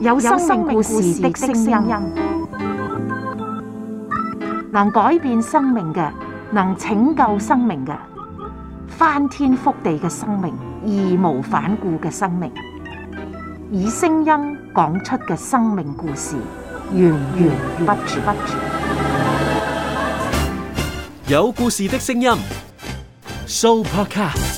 有生命故事的聲音，能改變生命嘅，能拯救生命嘅，翻天覆地嘅生命，義無反顧嘅生命，以聲音講出嘅生命故事，源源不絕。有故事的聲音，Soupercast。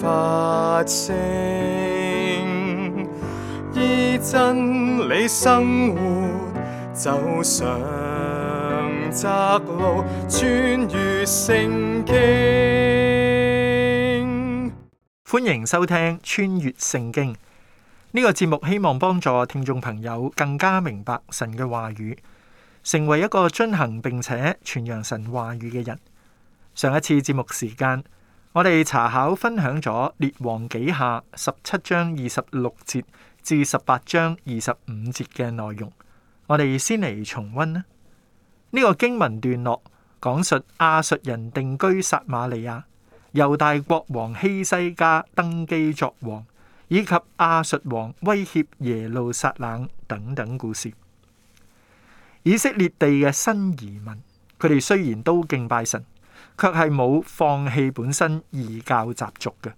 發聲，依真理生活，走上窄路，穿越聖經。歡迎收聽穿越聖經，呢個節目希望幫助聽眾朋友更加明白神嘅話語，成為一個遵行並且傳揚神話語嘅人。上一次節目時間。我哋查考分享咗列王紀下十七章二十六節至十八章二十五節嘅內容，我哋先嚟重溫啦。呢、這個經文段落講述亞述人定居撒馬利亞，猶大國王希西家登基作王，以及亞述王威脅耶路撒冷等等故事。以色列地嘅新移民，佢哋雖然都敬拜神。卻係冇放棄本身異教習俗嘅，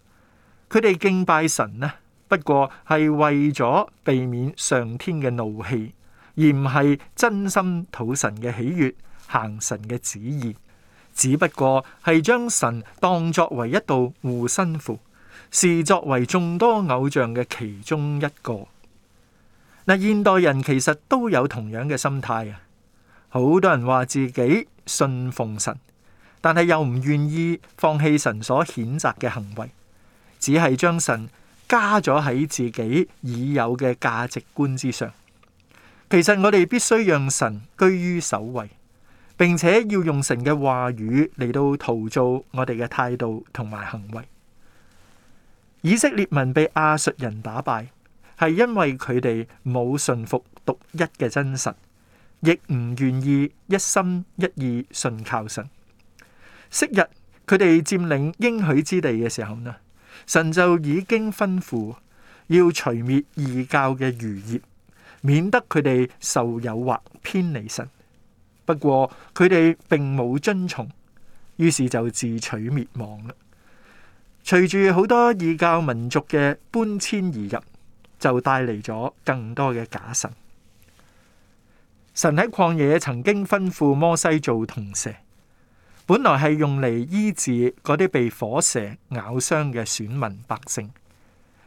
佢哋敬拜神呢，不過係為咗避免上天嘅怒氣，而唔係真心討神嘅喜悅、行神嘅旨意。只不過係將神當作為一道護身符，視作為眾多偶像嘅其中一個。嗱，現代人其實都有同樣嘅心態啊！好多人話自己信奉神。但係又唔願意放棄神所譴責嘅行為，只係將神加咗喺自己已有嘅價值觀之上。其實我哋必須讓神居於首位，並且要用神嘅話語嚟到陶造我哋嘅態度同埋行為。以色列民被亞述人打敗，係因為佢哋冇順服獨一嘅真神，亦唔願意一心一意信靠神。昔日佢哋佔領應許之地嘅時候呢，神就已經吩咐要除滅異教嘅餘業，免得佢哋受誘惑偏離神。不過佢哋並冇遵從，於是就自取滅亡啦。隨住好多異教民族嘅搬遷而入，就帶嚟咗更多嘅假神。神喺曠野曾經吩咐摩西做銅蛇。本來係用嚟醫治嗰啲被火蛇咬傷嘅選民百姓，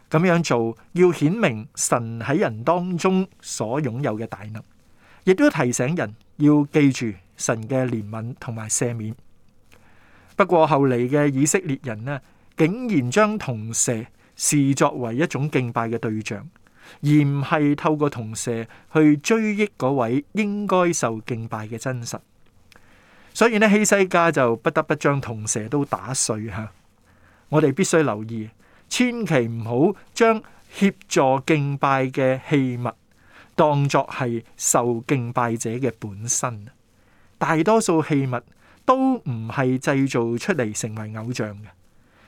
咁樣做要顯明神喺人當中所擁有嘅大能，亦都提醒人要記住神嘅憐憫同埋赦免。不過後嚟嘅以色列人呢，竟然將銅蛇視作為一種敬拜嘅對象，而唔係透過銅蛇去追憶嗰位應該受敬拜嘅真實。所以咧，希西家就不得不將銅蛇都打碎吓、啊。我哋必須留意，千祈唔好將協助敬拜嘅器物當作係受敬拜者嘅本身。大多數器物都唔係製造出嚟成為偶像嘅。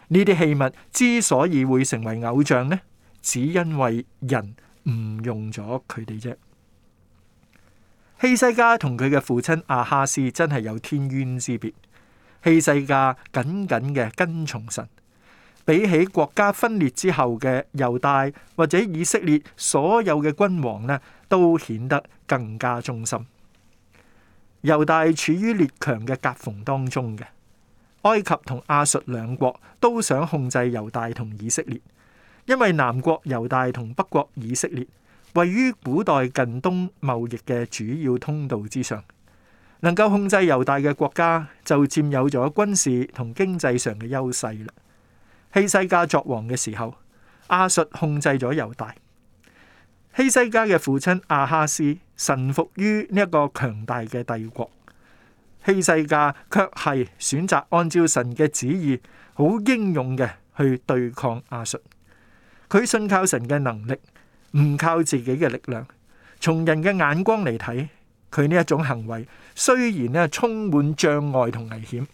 呢啲器物之所以會成為偶像呢，只因為人唔用咗佢哋啫。希西家同佢嘅父親亞哈斯真係有天淵之別。希西家緊緊嘅跟從神，比起國家分裂之後嘅猶大或者以色列所有嘅君王呢，都顯得更加忠心。猶大處於列強嘅夾縫當中嘅，埃及同亞述兩國都想控制猶大同以色列，因為南國猶大同北國以色列，位於古代近東貿易嘅主要通道之上，能夠控制猶大嘅國家就占有咗軍事同經濟上嘅優勢啦。希西家作王嘅時候，亞述控制咗猶大。希西家嘅父親亞哈斯臣服於呢一個強大嘅帝國，希西家卻係選擇按照神嘅旨意，好英勇嘅去對抗亞述。佢信靠神嘅能力。唔靠自己嘅力量，從人嘅眼光嚟睇，佢呢一種行為雖然咧充滿障礙同危險，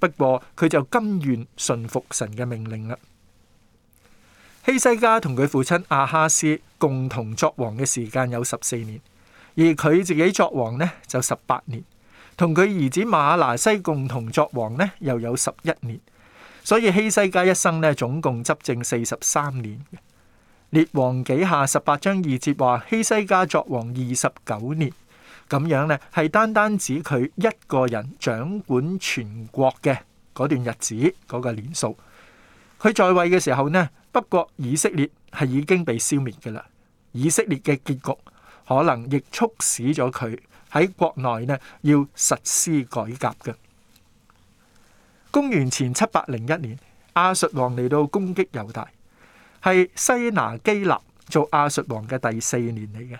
不過佢就甘願順服神嘅命令啦。希西家同佢父親亞哈斯共同作王嘅時間有十四年，而佢自己作王呢就十八年，同佢兒子馬拿西共同作王呢又有十一年，所以希西家一生呢總共執政四十三年。列王記下十八章二節話：希西家作王二十九年，咁樣呢，係單單指佢一個人掌管全國嘅嗰段日子嗰、嗰個年數。佢在位嘅時候呢，北國以色列係已經被消滅嘅啦。以色列嘅結局可能亦促使咗佢喺國內呢要實施改革嘅。公元前七百零一年，亞述王嚟到攻擊猶大。係西拿基立做亞述王嘅第四年嚟嘅。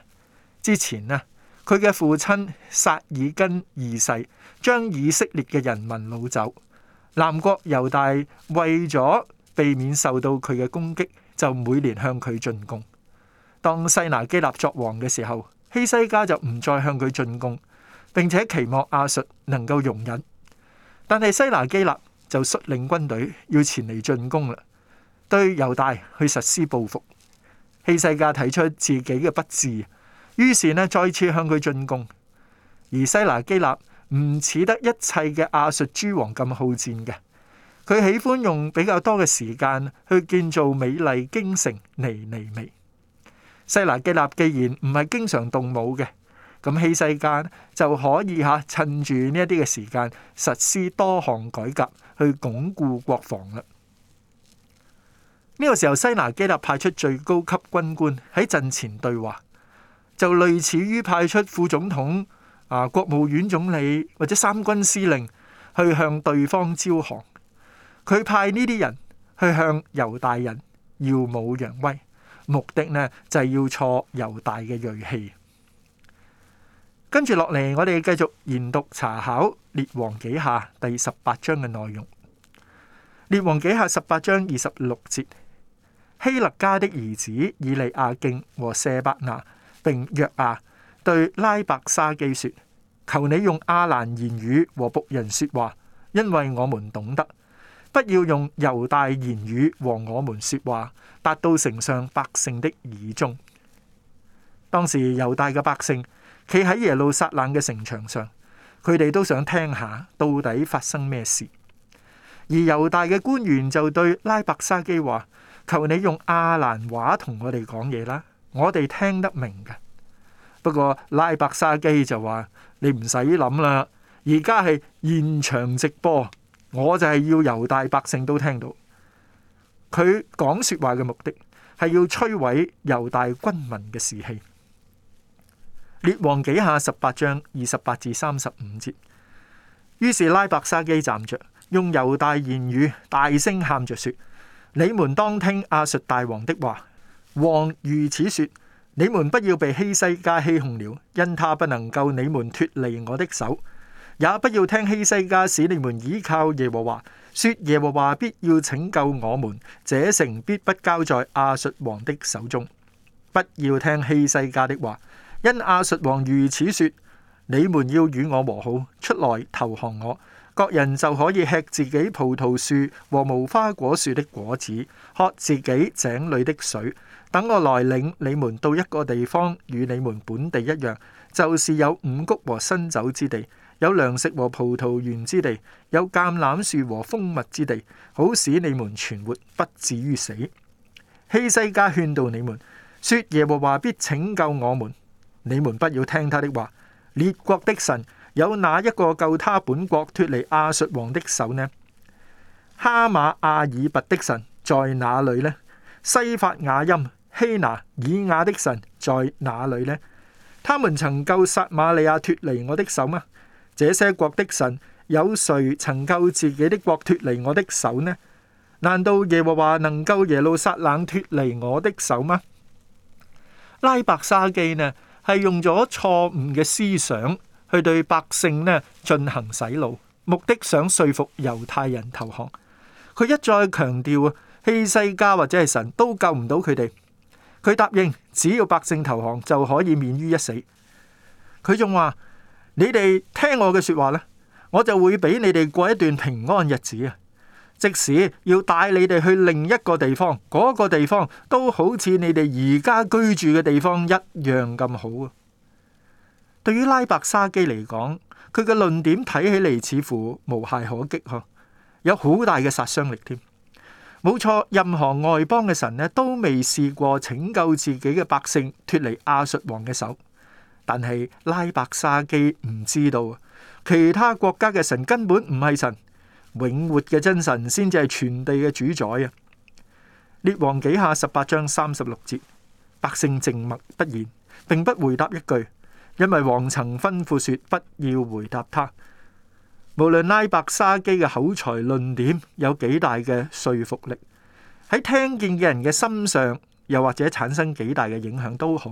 之前呢，佢嘅父親薩爾根二世將以色列嘅人民擄走。南國猶大為咗避免受到佢嘅攻擊，就每年向佢進貢。當西拿基立作王嘅時候，希西家就唔再向佢進貢，並且期望亞述能夠容忍。但係西拿基立就率領軍隊要前嚟進攻啦。對猶大去實施報復，希西家提出自己嘅不智，於是咧再次向佢進攻。而西拿基立唔似得一切嘅亞述諸王咁好戰嘅，佢喜歡用比較多嘅時間去建造美麗京城尼尼微。西拿基立既然唔係經常動武嘅，咁希西家就可以吓、啊、趁住呢一啲嘅時間實施多項改革去鞏固國防啦。呢個時候，西拿基立派出最高級軍官喺陣前對話，就類似於派出副總統、啊國務院總理或者三軍司令去向對方招降。佢派呢啲人去向猶大人耀武揚威，目的呢就係、是、要挫猶大嘅銳氣。跟住落嚟，我哋繼續研讀查考《列王紀下》第十八章嘅內容，《列王紀下》十八章二十六節。希勒家的兒子以利亞敬和舍伯拿並約亞對拉伯沙基說：求你用亞蘭言語和僕人說話，因為我們懂得。不要用猶大言語和我們說話，達到城上百姓的耳中。當時猶大嘅百姓企喺耶路撒冷嘅城牆上，佢哋都想聽下到底發生咩事。而猶大嘅官員就對拉伯沙基話。求你用阿蘭話同我哋講嘢啦，我哋聽得明㗎。不過拉伯沙基就話，你唔使諗啦，而家係現場直播，我就係要猶大百姓都聽到。佢講說話嘅目的係要摧毀猶大軍民嘅士氣。列王紀下十八章二十八至三十五節。於是拉伯沙基站着，用猶大言語大聲喊着說。你們當聽亞述大王的話。王如此說：你們不要被希西家欺哄了，因他不能夠你們脫離我的手。也不要聽希西家使你們倚靠耶和華，說耶和華必要拯救我們，這城必不交在亞述王的手中。不要聽希西家的話，因亞述王如此說：你們要與我和好，出來投降我。各人就可以吃自己葡萄樹和無花果樹的果子，喝自己井裏的水。等我來領你們到一個地方，與你們本地一樣，就是有五穀和新酒之地，有糧食和葡萄園之地，有橄欖樹和蜂蜜之地，好使你們存活，不至於死。希西家勸導你們說：耶和華必拯救我們，你們不要聽他的話，列國的神。有哪一個救他本國脫離亞述王的手呢？哈馬亞爾拔的神在哪裏呢？西法雅音希拿以亞的神在哪裏呢？他們曾救撒馬利亞脫離我的手嗎？這些國的神有誰曾救自己的國脫離我的手呢？難道耶和華能夠救耶路撒冷脫離我的手嗎？拉伯沙基呢，係用咗錯誤嘅思想。去對百姓咧進行洗腦，目的想說服猶太人投降。佢一再強調啊，希西家或者係神都救唔到佢哋。佢答應只要百姓投降就可以免於一死。佢仲話：你哋聽我嘅說話咧，我就會俾你哋過一段平安日子啊！即使要帶你哋去另一個地方，嗰個地方都好似你哋而家居住嘅地方一樣咁好啊！對於拉伯沙基嚟講，佢嘅論點睇起嚟似乎無懈可擊，有好大嘅殺傷力添。冇錯，任何外邦嘅神咧都未試過拯救自己嘅百姓脫離亞述王嘅手，但係拉伯沙基唔知道，其他國家嘅神根本唔係神，永活嘅真神先至係全地嘅主宰啊！列王紀下十八章三十六節，百姓靜默不言，並不回答一句。因為王曾吩咐說，不要回答他。無論拉伯沙基嘅口才論點有幾大嘅說服力，喺聽見嘅人嘅心上，又或者產生幾大嘅影響都好，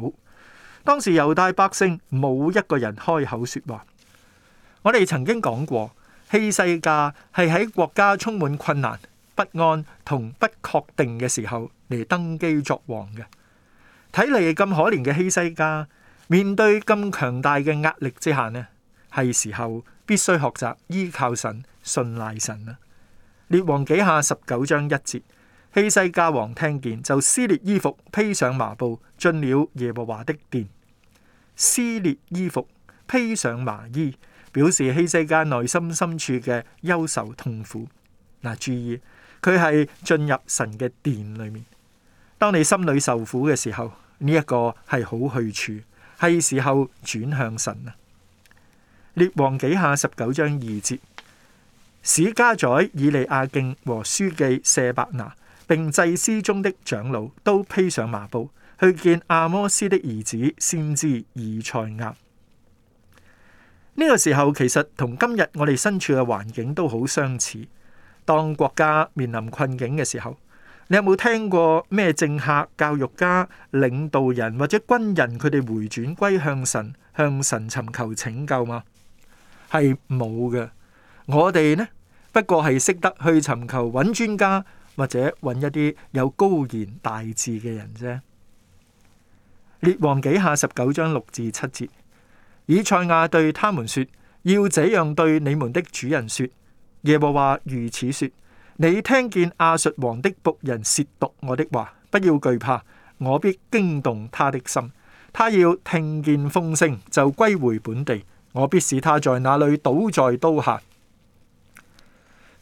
當時猶大百姓冇一個人開口說話。我哋曾經講過，希西家係喺國家充滿困難、不安同不確定嘅時候嚟登基作王嘅。睇嚟咁可憐嘅希西家。面對咁強大嘅壓力之下呢，係時候必須學習依靠神、信賴神啦。列王紀下十九章一節，希西家王聽見就撕裂衣服，披上麻布，進了耶和華的殿。撕裂衣服，披上麻衣，表示希西家內心深處嘅憂愁痛苦。嗱，注意佢係進入神嘅殿裏面。當你心裏受苦嘅時候，呢一個係好去處。係時候轉向神啊！列王紀下十九章二節，史家宰以利亞敬和書記謝伯拿，並祭司中的長老都披上麻布去見亞摩斯的兒子先知以賽亞。呢個時候其實同今日我哋身處嘅環境都好相似。當國家面臨困境嘅時候。你有冇聽過咩政客、教育家、領導人或者軍人佢哋回轉歸向神，向神尋求拯救嗎？係冇嘅。我哋呢，不過係識得去尋求揾專家或者揾一啲有高言大智嘅人啫。列王紀下十九章六至七節，以賽亞對他們說：要這樣對你們的主人說，耶和華如此說。你聽見亞述王的僕人褻瀆我的話，不要懼怕，我必驚動他的心。他要聽見風聲就歸回本地，我必使他在那裏倒在刀下。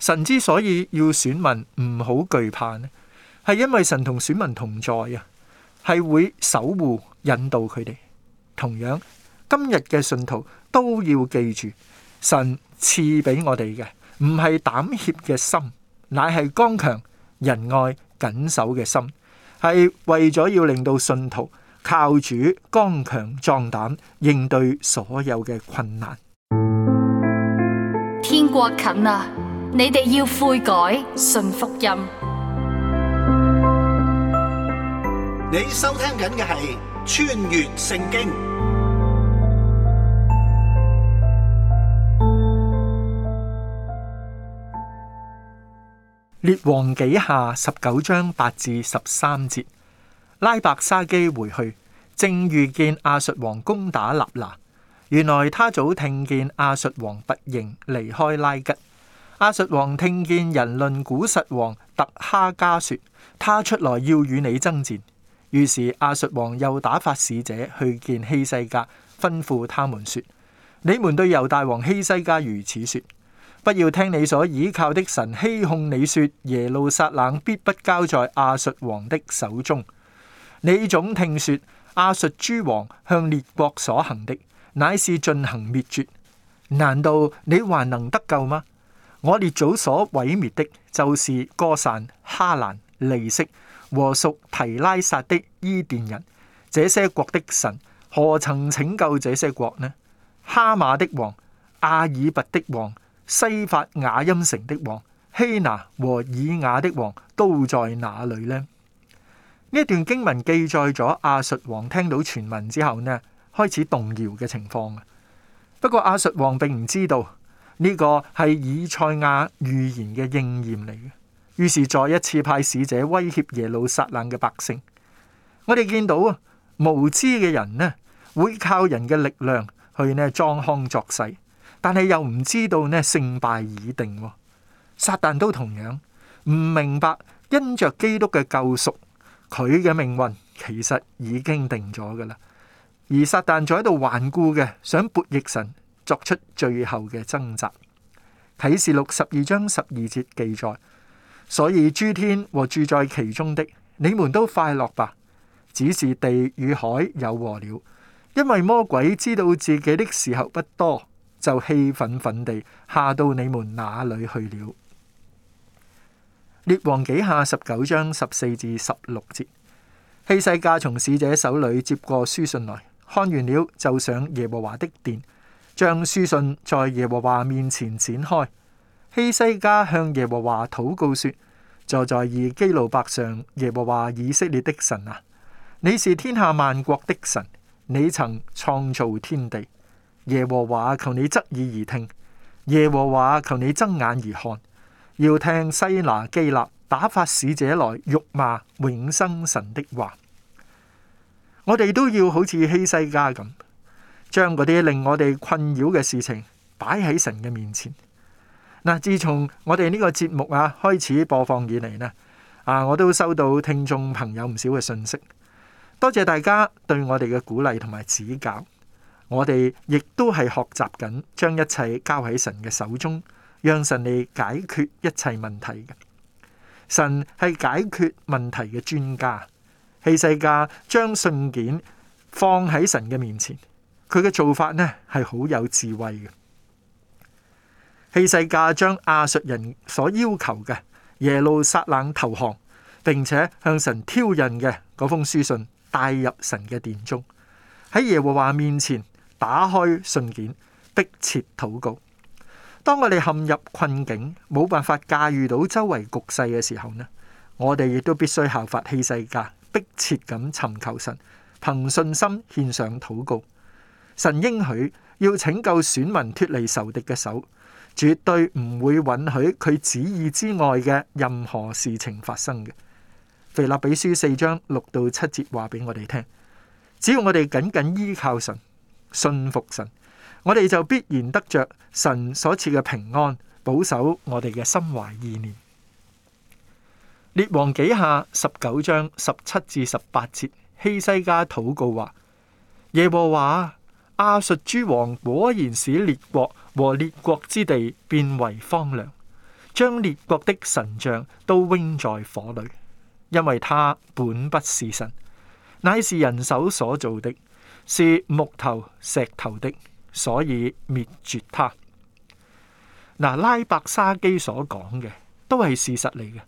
神之所以要選民唔好懼怕呢，係因為神同選民同在啊，係會守護引導佢哋。同樣今日嘅信徒都要記住，神賜俾我哋嘅唔係膽怯嘅心。乃係剛強、仁愛、謹守嘅心，係為咗要令到信徒靠主、剛強壯膽，應對所有嘅困難。天國近啦，你哋要悔改、信福音。你收聽緊嘅係《穿越聖經》。列王紀下十九章八至十三節，拉伯沙基回去，正遇見亞述王攻打立拿。原來他早聽見亞述王拔營離開拉吉。亞述王聽見人論古實王特哈加說，他出來要與你爭戰。於是亞述王又打發使者去見希西家，吩咐他們說：你們對猶大王希西家如此說。不要聽你所倚靠的神欺哄你說，耶路撒冷必不交在亞述王的手中。你總聽說亞述諸王向列國所行的乃是進行滅絕，難道你還能得救嗎？我列祖所毀滅的就是歌散、哈蘭、利色和屬提拉撒的伊甸人，這些國的神何曾拯救這些國呢？哈馬的王、阿爾拔的王。西法雅音城的王希拿和以雅的王都在哪裏呢？呢段經文記載咗亞述王聽到傳聞之後呢，開始動搖嘅情況啊。不過亞述王並唔知道呢個係以賽亞預言嘅應驗嚟嘅，於是再一次派使者威脅耶路撒冷嘅百姓。我哋見到啊，無知嘅人呢，會靠人嘅力量去呢裝腔作勢。但係又唔知道呢，勝敗已定，哦。撒旦都同樣唔明白，因着基督嘅救贖，佢嘅命運其實已經定咗㗎喇。而撒旦仲喺度頑固嘅，想悖逆神作出最後嘅掙扎。啟示錄十二章十二節記載，所以諸天和住在其中的，你們都快樂吧。只是地與海有禍了，因為魔鬼知道自己的時候不多。就氣憤憤地下到你們哪裏去了。列王紀下十九章十四至十六節。希西家從使者手裏接過書信來看完了，就上耶和華的殿，將書信在耶和華面前展開。希西家向耶和華禱告說：坐在以基路伯上，耶和華以色列的神啊，你是天下萬國的神，你曾創造天地。耶和華，求你側耳而聽；耶和華，求你睜眼而看。要聽西拿基立打發使者來辱罵永生神的話。我哋都要好似希西家咁，將嗰啲令我哋困擾嘅事情擺喺神嘅面前。嗱，自從我哋呢個節目啊開始播放以嚟咧，啊，我都收到聽眾朋友唔少嘅信息，多謝大家對我哋嘅鼓勵同埋指教。我哋亦都係學習緊，將一切交喺神嘅手中，讓神嚟解決一切問題嘅。神係解決問題嘅專家。希西家將信件放喺神嘅面前，佢嘅做法呢係好有智慧嘅。希西家將亞述人所要求嘅耶路撒冷投降，並且向神挑釁嘅嗰封書信帶入神嘅殿中，喺耶和華面前。打開信件，迫切禱告。當我哋陷入困境，冇辦法駕馭到周圍局勢嘅時候呢，我哋亦都必須效法希西家，迫切咁尋求神，憑信心獻上禱告。神應許要拯救選民脱離仇敵嘅手，絕對唔會允許佢旨意之外嘅任何事情發生嘅。腓立比書四章六到七節話俾我哋聽，只要我哋緊緊依靠神。信服神，我哋就必然得着神所賜嘅平安，保守我哋嘅心懷意念。列王紀下十九章十七至十八節，希西家禱告話：耶和華亞述諸王果然使列國和列國之地變為荒涼，將列國的神像都扔在火裏，因為他本不是神，乃是人手所造的。是木頭石頭的，所以滅絕他。嗱，拉伯沙基所講嘅都係事實嚟嘅。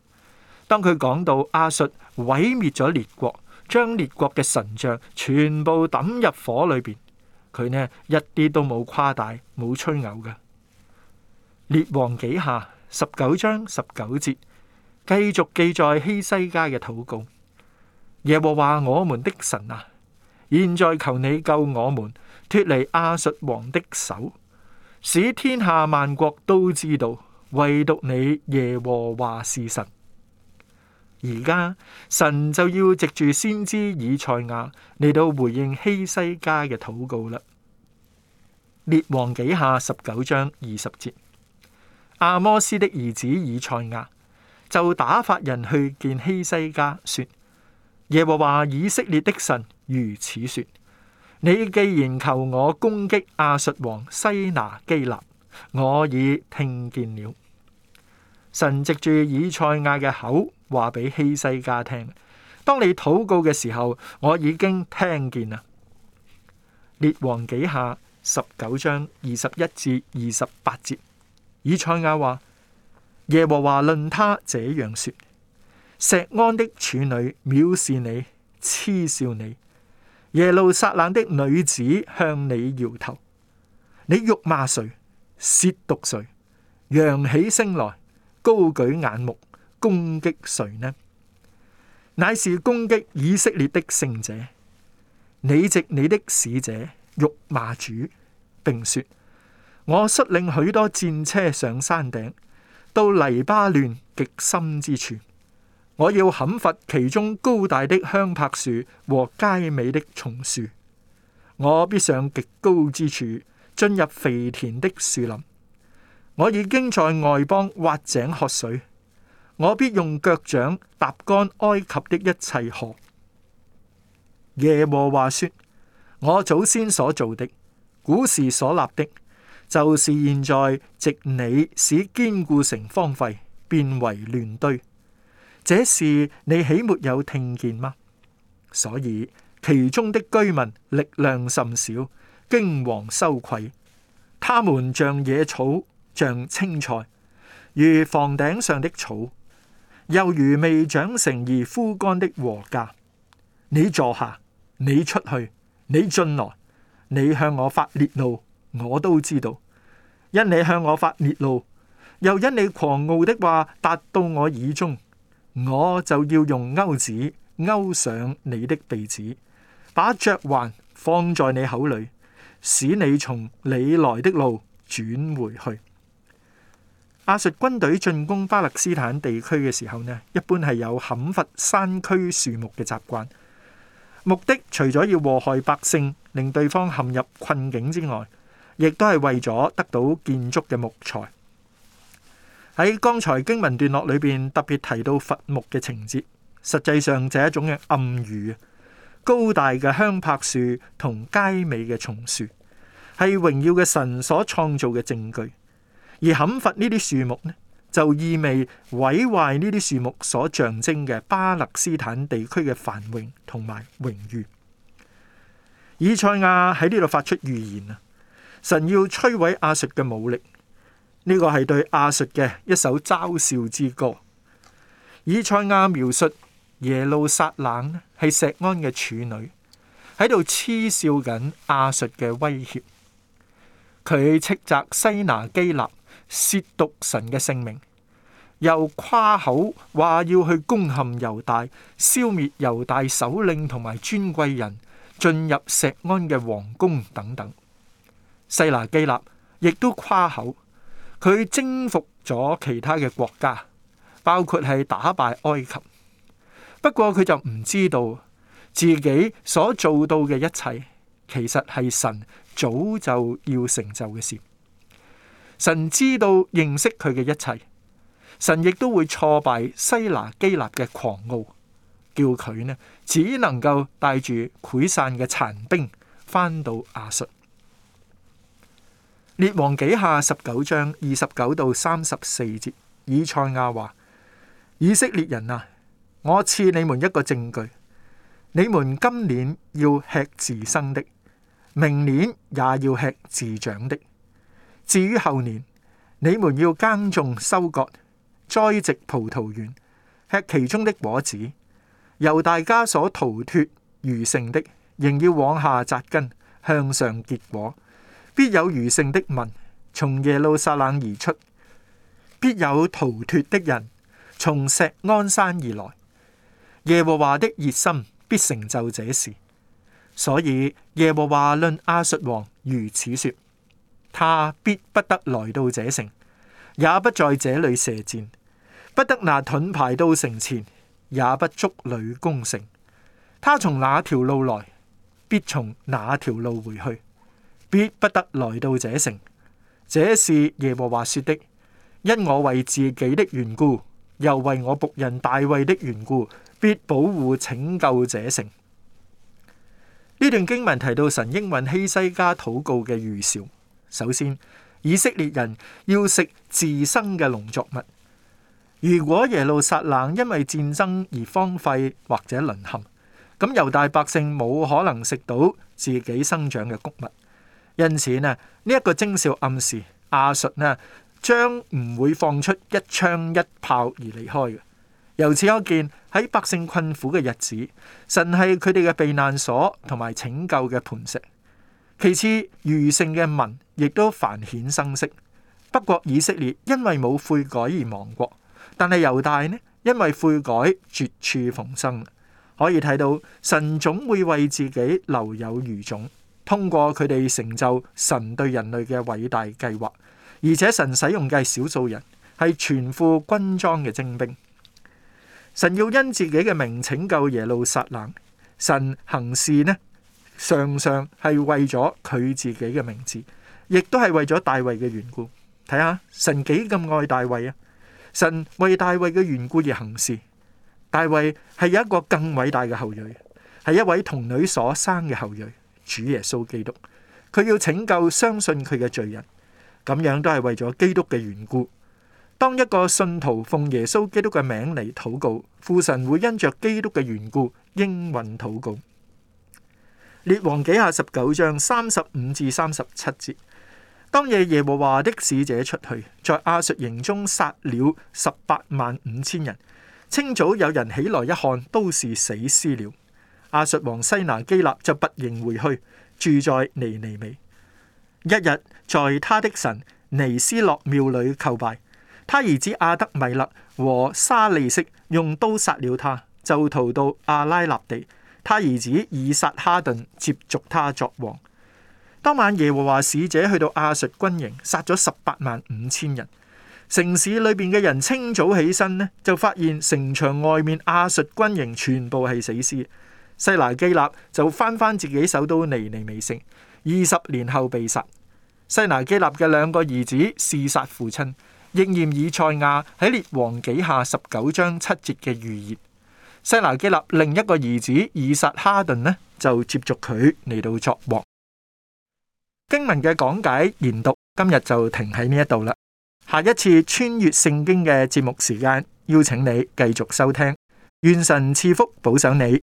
當佢講到亞述毀滅咗列國，將列國嘅神像全部抌入火裏邊，佢呢一啲都冇誇大冇吹牛嘅。列王紀下十九章十九節，繼續記載希西家嘅禱告。耶和華我們的神啊！現在求你救我們脫離亞述王的手，使天下萬國都知道，唯獨你耶和華是神。而家神就要藉住先知以賽亞嚟到回應希西家嘅禱告啦。列王紀下十九章二十節，亞摩斯的兒子以賽亞就打發人去見希西家，說：耶和華以色列的神。如此說，你既然求我攻擊亞述王西拿基立，我已聽見了。神藉住以賽亞嘅口話俾希西家聽：當你禱告嘅時候，我已經聽見啦。列王紀下十九章二十一至二十八節，以賽亞話：耶和華論他這樣說：錫安的處女藐視你，嗤笑你。耶路撒冷的女子向你搖頭，你辱罵誰，褻瀆誰，揚起聲來，高舉眼目攻擊誰呢？乃是攻擊以色列的聖者。你藉你的使者辱罵主，並說：我率領許多戰車上山頂，到黎巴嫩極深之處。我要砍伐其中高大的香柏樹和佳美的松樹，我必上極高之處，進入肥田的樹林。我已經在外邦挖井喝水，我必用腳掌踏乾埃及的一切河。耶和華說：我祖先所做的，古時所立的，就是現在，藉你使堅固城荒廢，變為亂堆。這事你豈沒有聽見嗎？所以其中的居民力量甚少，驚惶羞愧。他們像野草，像青菜，如房頂上的草，又如未長成而枯乾的禾稼。你坐下，你出去，你進來，你向我發烈怒，我都知道。因你向我發烈怒，又因你狂傲的話達到我耳中。我就要用鈎子勾上你的鼻子，把嚼環放在你口裏，使你從你來的路轉回去。亞述軍隊進攻巴勒斯坦地區嘅時候呢，一般係有砍伐山區樹木嘅習慣，目的除咗要禍害百姓，令對方陷入困境之外，亦都係為咗得到建築嘅木材。喺剛才經文段落裏邊特別提到伐木嘅情節，實際上係一種嘅暗喻。高大嘅香柏樹同佳美嘅松樹係榮耀嘅神所創造嘅證據，而砍伐呢啲樹木呢，就意味毀壞呢啲樹木所象徵嘅巴勒斯坦地區嘅繁榮同埋榮譽。以賽亞喺呢度發出預言啊，神要摧毀亞述嘅武力。呢個係對亞述嘅一首嘲笑之歌。以賽亞描述耶路撒冷呢係石安嘅處女，喺度癡笑緊亞述嘅威脅。佢斥責西拿基立褻瀆神嘅聖名，又誇口話要去攻陷猶大，消滅猶大首領同埋尊貴人，進入石安嘅皇宮等等。西拿基立亦都誇口。佢征服咗其他嘅國家，包括係打敗埃及。不過佢就唔知道自己所做到嘅一切，其實係神早就要成就嘅事。神知道認識佢嘅一切，神亦都會挫敗西拿基立嘅狂傲，叫佢呢只能夠帶住潰散嘅殘兵返到亞述。列王紀下十九章二十九到三十四節，以賽亞話：以色列人啊，我賜你們一個證據，你們今年要吃自生的，明年也要吃自長的。至於後年，你們要耕種收割，栽植葡萄園，吃其中的果子。猶大家所逃脱餘剩的，仍要往下扎根，向上結果。必有餘剩的民從耶路撒冷而出，必有逃脱的人從錫安山而來。耶和華的熱心必成就這事，所以耶和華論亞述王如此說：他必不得來到這城，也不在這裏射箭，不得拿盾牌到城前，也不築壘攻城。他從哪條路來，必從哪條路回去。必不得來到這城，這是耶和華說的。因我為自己的緣故，又為我僕人大衛的緣故，必保護拯救這城。呢段經文提到神應允希西家禱告嘅預兆。首先，以色列人要食自生嘅農作物。如果耶路撒冷因為戰爭而荒廢或者淪陷，咁猶大百姓冇可能食到自己生長嘅穀物。因此呢，呢一個徵兆暗示亞述呢將唔會放出一槍一炮而離開嘅。由此可見，喺百姓困苦嘅日子，神係佢哋嘅避難所同埋拯救嘅磐石。其次，餘剩嘅民亦都繁衍生息。不過以色列因為冇悔改而亡國，但係猶大呢因為悔改絕處逢生。可以睇到神總會為自己留有餘種。通過佢哋成就神對人類嘅偉大計劃，而且神使用嘅係少數人，係全副軍裝嘅精兵。神要因自己嘅名拯救耶路撒冷。神行事呢，常常係為咗佢自己嘅名字，亦都係為咗大衛嘅緣故。睇下神幾咁愛大衛啊！神為大衛嘅緣故而行事。大衛係有一個更偉大嘅後裔，係一位童女所生嘅後裔。主耶穌基督，佢要拯救相信佢嘅罪人，咁樣都係為咗基督嘅緣故。當一個信徒奉耶穌基督嘅名嚟禱告，父神會因着基督嘅緣故應允禱告。列王紀下十九章三十五至三十七節，當夜耶和華的使者出去，在亞述營中殺了十八萬五千人。清早有人起來一看，都是死屍了。亞述王西拿基立就不應回去，住在尼尼微。一日，在他的神尼斯洛廟裏叩拜，他兒子阿德米勒和沙利色用刀殺了他，就逃到阿拉納地。他兒子以撒哈頓接續他作王。當晚，耶和華使者去到亞述軍營，殺咗十八萬五千人。城市裏邊嘅人清早起身呢，就發現城牆外面亞述軍營全部係死屍。西拿基立就返返自己首都尼尼微城，二十年後被殺。西拿基立嘅兩個兒子弒殺父親，應驗以賽亞喺列王紀下十九章七節嘅預言。西拿基立另一個兒子以撒哈頓呢就接續佢嚟到作王。經文嘅講解研讀今日就停喺呢一度啦。下一次穿越聖經嘅節目時間，邀請你繼續收聽。願神賜福，保守你。